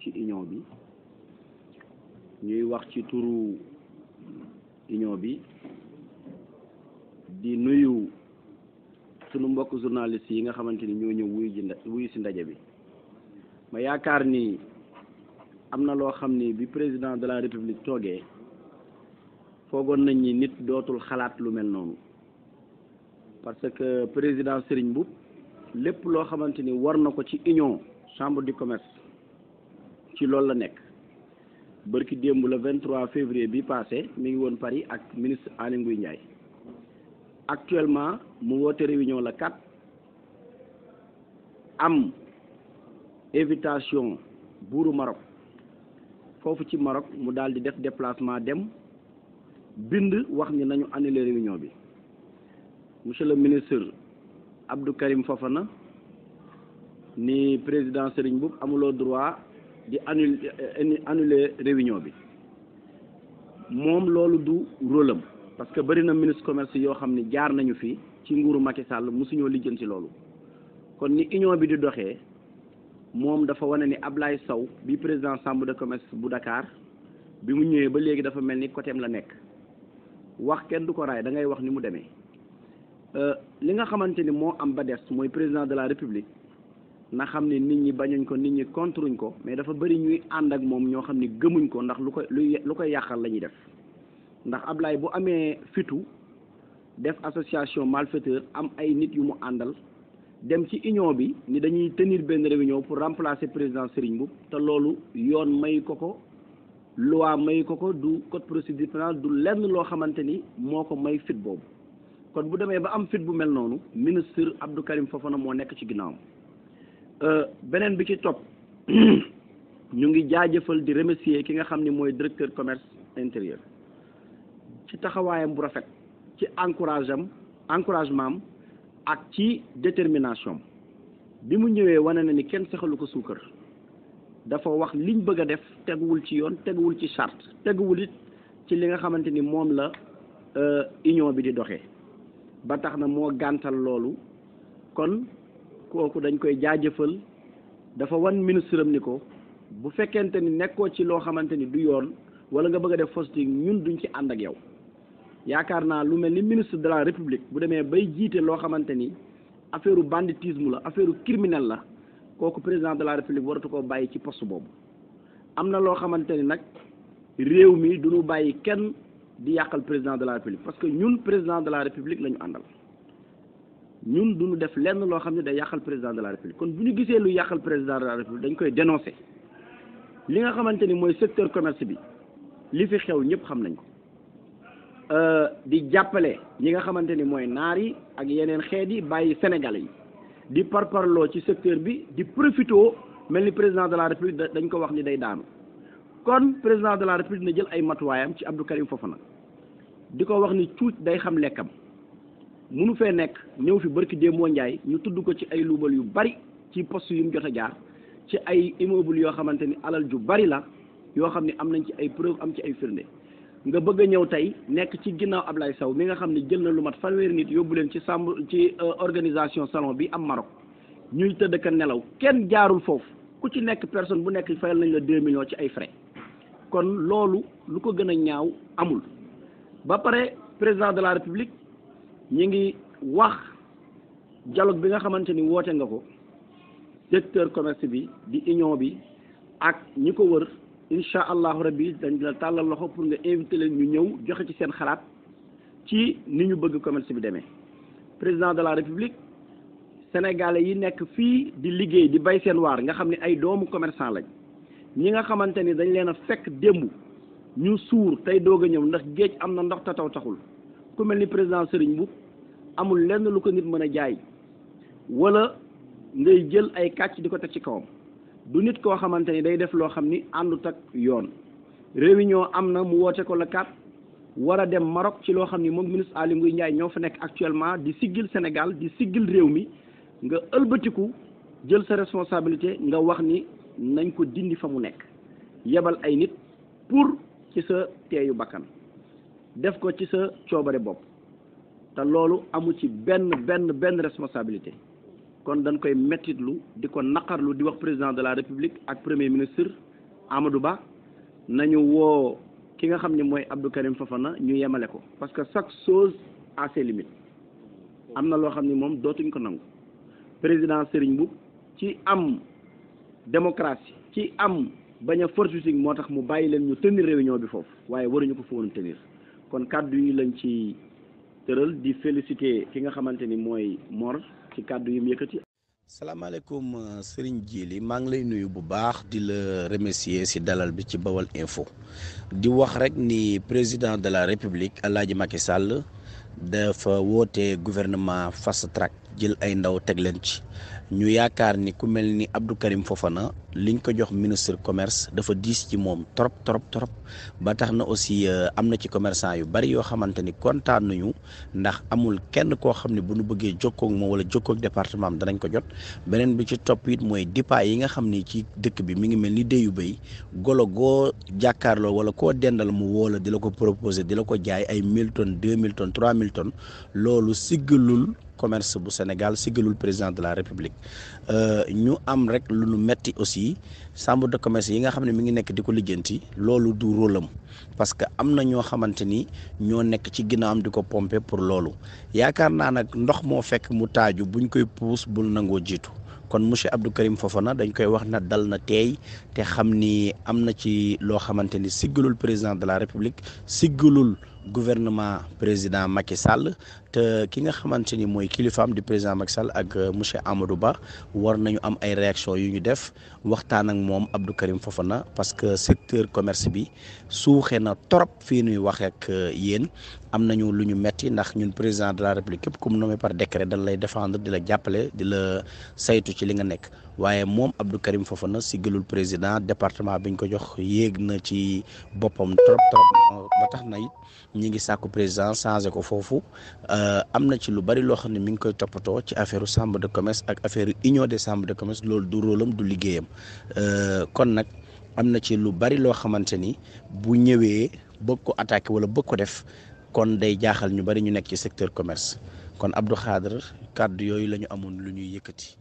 ci union bi ñuy wax ci turu union bi di nuyu sunu mbokk journaliste yi nga xamante ni ñoo ñëw wuyu ji wuyu si ndaje bi ma yaakaar ni am na loo xam ni bi président de la république toogee foogoon nañ ni nit dootul xalaat lu mel noonu parce que président sëriñ Mboup lépp loo xamante ni war na ko ci union chambre du commerce ci loolu la nekk bërki démb le 23 février bi passé mi ngi woon Paris ak ministre Aly Ngouille Ndiaye actuellement mu woote réunion la kat am invitation buuru Maroc foofu ci Maroc mu daal di def déplacement dem bind wax ni nañu annuler réunion bi monsieur le ministre Abdou Karim Fofana ni président Serigne Mboup amuloo droit di annulé annulé réunion bi moom loolu du rôle parce que bëri na ministre commerce yoo xam ne jaar nañu fi ci nguuru Macky Sall mosuñoo lijjanti loolu kon ni union bi di doxee moom dafa wane ni Ablaye Sow bi président chambre de commerce bu Dakar bi mu ñëwee ba léegi dafa mel ni côté am la nekk wax kenn du ko raay da ngay wax ni mu demee euh, li nga xamante ni moo am ba des mooy président de la république na xam ne nit ñi bañuñ ko nit ñi contruñ ko mais dafa bëri ñuy ànd ak moom ñoo xam ni gëmuñ ko ndax lu ko lu koy yàqal la ñuy def ndax Ablaye bu amee fitu def association malfaiteur am ay nit yu mu àndal dem ci union bi ni dañuy tenir benn réunion pour remplacer président Serigne Mboup te loolu yoon may ko ko loi may ko ko du code procédure pénale du lenn loo xamante ni moo ko may fit boobu kon bu demee ba am fit bu mel noonu ministre Abdou Karim Fofana moo nekk ci ginnaawam. Euh, beneen bi ci topp ñu ngi jaajëfal di remercier ki nga xam ni mooy directeur commerce intérieur ci taxawaayam bu rafet ci encourage am encouragement ak ci détermination bi mu ñëwee wane na ni kenn saxalu ko suukar dafa wax liñ bëgg a def teguwul ci yoon teguwul ci charte teguwul it ci li nga xamante ni moom la euh, union bi di doxee ba tax na moo gàntal loolu kon kooku dañ koy jaajëfal dafa wan ministre am ni ko bu fekkente ni nekkoo ci loo xamante ni du yoon wala nga bëgg a def posting ñun duñu ci ànd ak yow yaakaar naa lu mel ni ministre de la république bu demee bay jiite loo xamante ni affaire banditisme la affaire criminel la kooku président de la république waratu koo bàyyi ci poste boobu am na loo xamante ni nag réew mi du ñu bàyyi kenn di yàqal président de la république parce que ñun président de la république la ñu àndal ñun duñu def lenn loo xam ne day yàqal président de la république kon bu ñu gisee lu yàqal président de la république dañ koy dénoncer li nga xamante ni mooy secteur commerce bi li fi xew ñëpp xam nañ ko euh, di jàppale ñi nga xamante ni mooy naar yi ak yeneen xeet yi bàyyi sénégal yi di par parparloo ci secteur bi di profitoo mel ni président de la république dañ ko wax ni day daanu kon président de la république na jël ay matuwaayam ci Abdou Karim Fofana di ko wax ni cuuc day xam lekkam munu fee nekk ñëw fi barki Demba Ndiaye ñu tudd ko ci ay luubal yu bari ci post yu mu jot a jaar ci ay immeuble yoo xamante ni alal ju bari la yoo xam ne am nañ ci ay preuve am ci ay firnde nga bëgg a ñëw tey nekk ci ginnaaw Ablaye Sow mi nga xam ne jël na lu mat fanweeri nit yóbbu leen ci sàmb ci euh, organisation salon bi am Maroc ñuy tëdd ka nelaw kenn jaarul foofu ku ci nekk personne bu nekk fayal nañ la deux millions ci ay frais kon loolu lu ko gën a ñaaw amul ba pare la république ñi ngi wax jaloog bi nga xamante ni woote nga ko secteur commerce bi di union bi ak ñi ko wër incha allahu rabbi dañ la tàllal loxo pour nga invité leen ñu ñëw joxe ci seen xalaat ci ni ñu bëgg commerce bi demee président de la république sénégalais yi nekk fii di liggéey di bay seen waar nga xam ne ay doomu commerçant lañ ñi nga xamante ni dañ leen a fekk démb ñu suur tey doog a ñëw ndax géej am na ndox te taw taxul ku mel ni président Serigne Mboup amul lenn lu ko nit mën a jaay wala ngay jël ay kàcc di ko teg ci kawam du nit koo xamante ni day def loo xam ni àndut ak yoon réunion am na mu woote ko la kat war dem Maroc ci loo xam ni moom ministre Aly Ngouille Ndiaye ñoo fa nekk actuellement di siggil Sénégal di siggil réew mi nga ëlbatiku jël sa responsabilité nga wax ni nañ ko dindi fa mu nekk yebal ay nit pour ci sa teeyu bakkan def ko ci sa coobare bopp te loolu amu ci benn benn benn responsabilité kon dañ koy mettitlu di ko naqarlu di wax président de la république ak premier ministre Amadou Ba nañu woo ki nga xam ne mooy Abdou Karim Fofana ñu yemale ko parce que chaque chose a ses limites am na loo xam ne moom dootuñ ko nangu président Serigne bu ci am démocratie ci am bañ a force physique moo tax mu bàyyi leen ñu tenir réunion bi foofu waaye waruñu ko fa woon tenir kon kàddu yi lañ ci tëral di féliciter ki nga xamante ni mooy Mor ci kàddu yi mu yëkkati. salaamaaleykum euh, Serigne Djily maa ngi lay nuyu bu baax di la remercier si dalal bi ci Bawal Info di wax rek ni président de la république Alaaji Macky Sall dafa woote gouvernement fast track jël ay ndaw teg leen ci ñu yaakaar ni ku mel ni Abdou Karim Fofana. liñ ko jox ministre commerce dafa diis ci moom trop trop ba tax na aussi euh, am na ci commerçant yu bari yoo xamante ni kontaan nañu ndax amul kenn koo xam ne bu nu bëggee jokkook moom wala jokkoog département am danañ ko jot beneen bi ci topp it mooy dépôt yi nga xam ni ci dëkk bi mi ngi mel ni déyu béy golo goo jàkkaarloo wala ko dendal mu woo la di la ko proposer di la ko jaay ay mille tonnes deux mille tonnes trois mille ton loolu siggalul commerce bu Sénégal siggalul président de la République euh, ñu yi chambre de commerce yi nga xam ne mu ngi nekk di ko lijjanti loolu du rôlam parce que am na ñoo xamante ni ñoo nekk ci am di ko pompe pour loolu yaakaar naa nag ndox moo fekk mu taaju bu ñu koy puus bul nangoo jiitu kon monsieur Abdou Karim Fofana dañ koy wax na dal na teey te xam ni am na ci loo xamante ni siggalul président de la république siggalul gouvernement président Macky Sall ki nga xamante ni mooy kilifaam di président Macky Sall ak euh, monsieur amadu Ba war nañu am ay réaction yu ñu def waxtaan ak moom Abdou Karim Fofana parce que secteur commerce bi suuxee na torop fii nuy wax ak euh, yéen am nañu lu ñu metti ndax ñun président de la république képp ku mu nommé par décret dañ lay défendre di la jàppale di la saytu ci li nga nekk waaye moom Abdou Karim Fofana si gëlul président département bi ñu ko jox yéeg na ci boppam trop trop Euh, am na ci lu bari loo xam ne mu ngi koy toppatoo ci affaire chambre de commerce ak affaire union des chambres de commerce loolu du rôlam du liggéeyam euh, kon nag am na ci lu bari loo xamante ni bu ñëwee bëgg ko attaqué wala bëgg ko def kon day jaaxal ñu bari ñu nekk ci secteur commerce kon Abdou Khadre kàddu yooyu la ñu amoon lu ñuy yëkkati.